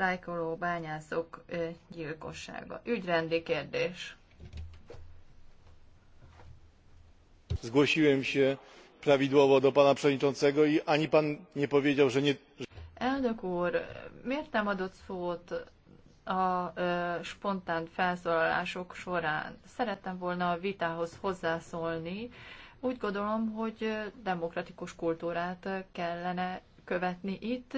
sztrájkoló bányászok gyilkossága. Ügyrendi kérdés. Zgłosiłem się prawidłowo do pana przewodniczącego i ani pan nie powiedział, że nie... Elnök úr, miért nem adott szót a ö, spontán felszólalások során? Szerettem volna a vitához hozzászólni. Úgy gondolom, hogy demokratikus kultúrát kellene követni itt,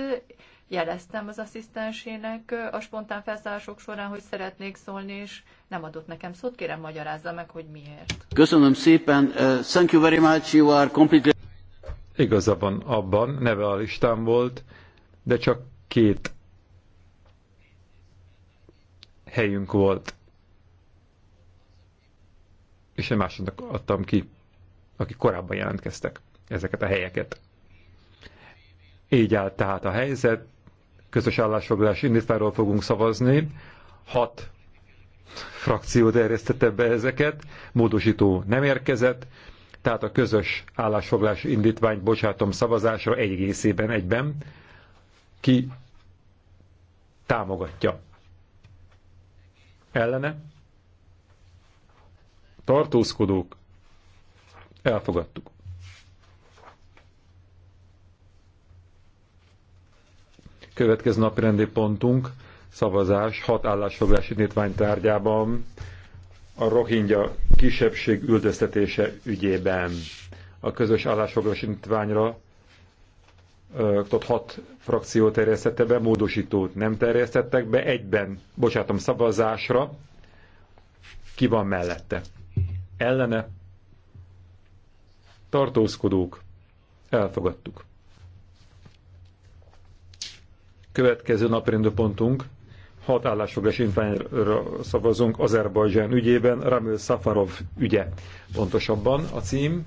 jeleztem az asszisztensének a spontán felszállások során, hogy szeretnék szólni, és nem adott nekem szót, kérem magyarázza meg, hogy miért. Köszönöm szépen, uh, thank you very much, you are completely... igazabban abban, neve a listán volt, de csak két helyünk volt. És én másodnak adtam ki, akik korábban jelentkeztek ezeket a helyeket. Így állt tehát a helyzet, közös állásfoglalás indítványról fogunk szavazni. Hat frakció terjesztette be ezeket, módosító nem érkezett, tehát a közös állásfoglalás indítványt bocsátom szavazásra egészében egyben. Ki támogatja? Ellene? Tartózkodók? Elfogadtuk. Következő napi rendi pontunk szavazás hat állásfoglalási indítvány tárgyában a rohingya kisebbség üldöztetése ügyében. A közös állásfoglalási indítványra hat frakció terjesztette be, módosítót nem terjesztettek be, egyben, bocsátom, szavazásra ki van mellette. Ellene tartózkodók, elfogadtuk. Következő naprendő pontunk, hat állásfogás infányra szavazunk Azerbajdzsán ügyében, Ramil Safarov ügye. Pontosabban a cím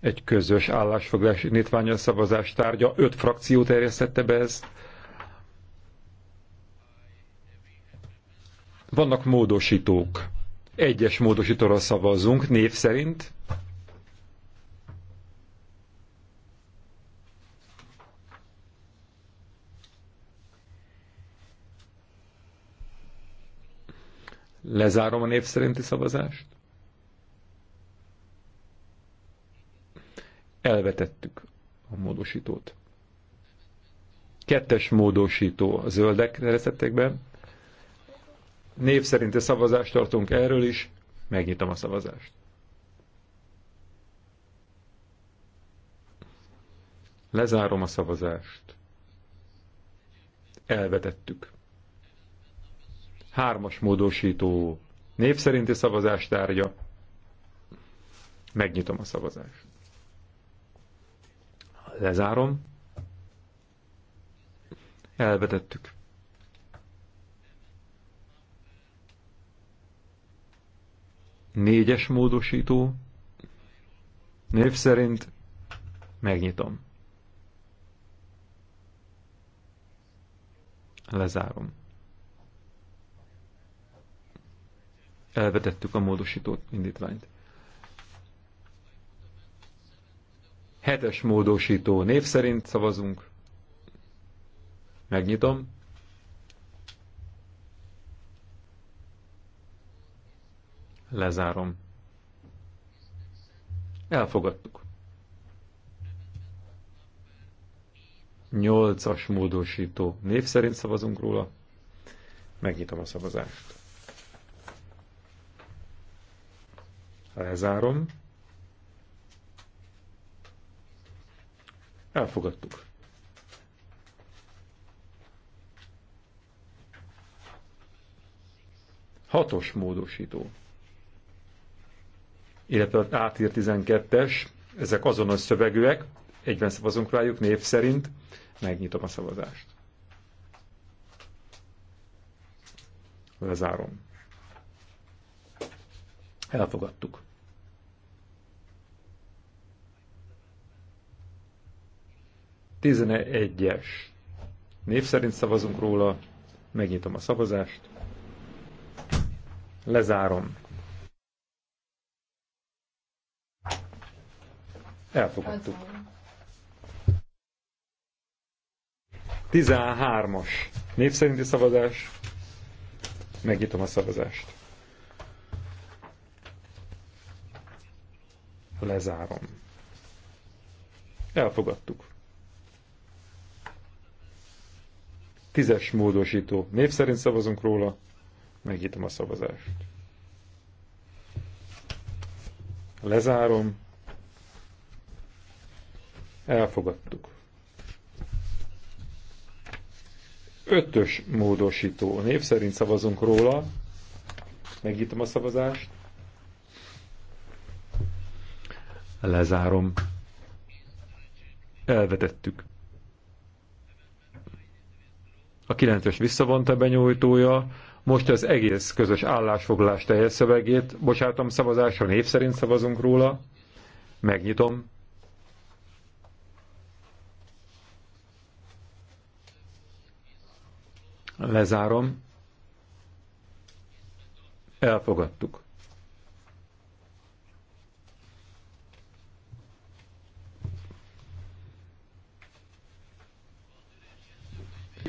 egy közös állásfoglalás indítványa szavazás tárgya. Öt frakció terjesztette be ezt. Vannak módosítók. Egyes módosítóra szavazunk név szerint. Lezárom a név szerinti szavazást. Elvetettük a módosítót. Kettes módosító a zöldek reszettek be. Név szerinti szavazást tartunk erről is. Megnyitom a szavazást. Lezárom a szavazást. Elvetettük. Hármas módosító név szerinti szavazás tárgya. Megnyitom a szavazást. Lezárom. Elvetettük. Négyes módosító. Név szerint megnyitom. Lezárom. elvetettük a módosító indítványt. Hetes módosító név szerint szavazunk. Megnyitom. Lezárom. Elfogadtuk. Nyolcas módosító név szerint szavazunk róla. Megnyitom a szavazást. Lezárom. Elfogadtuk. Hatos módosító. Illetve az átír 12-es, ezek azonos szövegűek, egyben szavazunk rájuk név szerint, megnyitom a szavazást. Lezárom. Elfogadtuk. 11-es. Név szerint szavazunk róla. Megnyitom a szavazást. Lezárom. Elfogadtuk. 13-as. Név szerinti szavazás. Megnyitom a szavazást. Lezárom. Elfogadtuk. Tízes módosító. Név szerint szavazunk róla. Megnyitom a szavazást. Lezárom. Elfogadtuk. Ötös módosító. Név szerint szavazunk róla. Megnyitom a szavazást. Lezárom. Elvetettük a 9 ös visszavonta benyújtója, most az egész közös állásfoglalás teljes szövegét, bocsátom szavazásra, név szerint szavazunk róla, megnyitom. Lezárom. Elfogadtuk.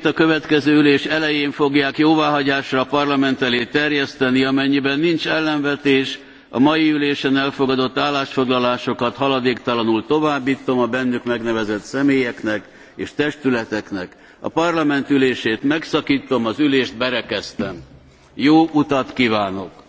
a következő ülés elején fogják jóváhagyásra a parlament elé terjeszteni, amennyiben nincs ellenvetés, a mai ülésen elfogadott állásfoglalásokat haladéktalanul továbbítom a bennük megnevezett személyeknek és testületeknek. A parlament ülését megszakítom, az ülést berekeztem. Jó utat kívánok!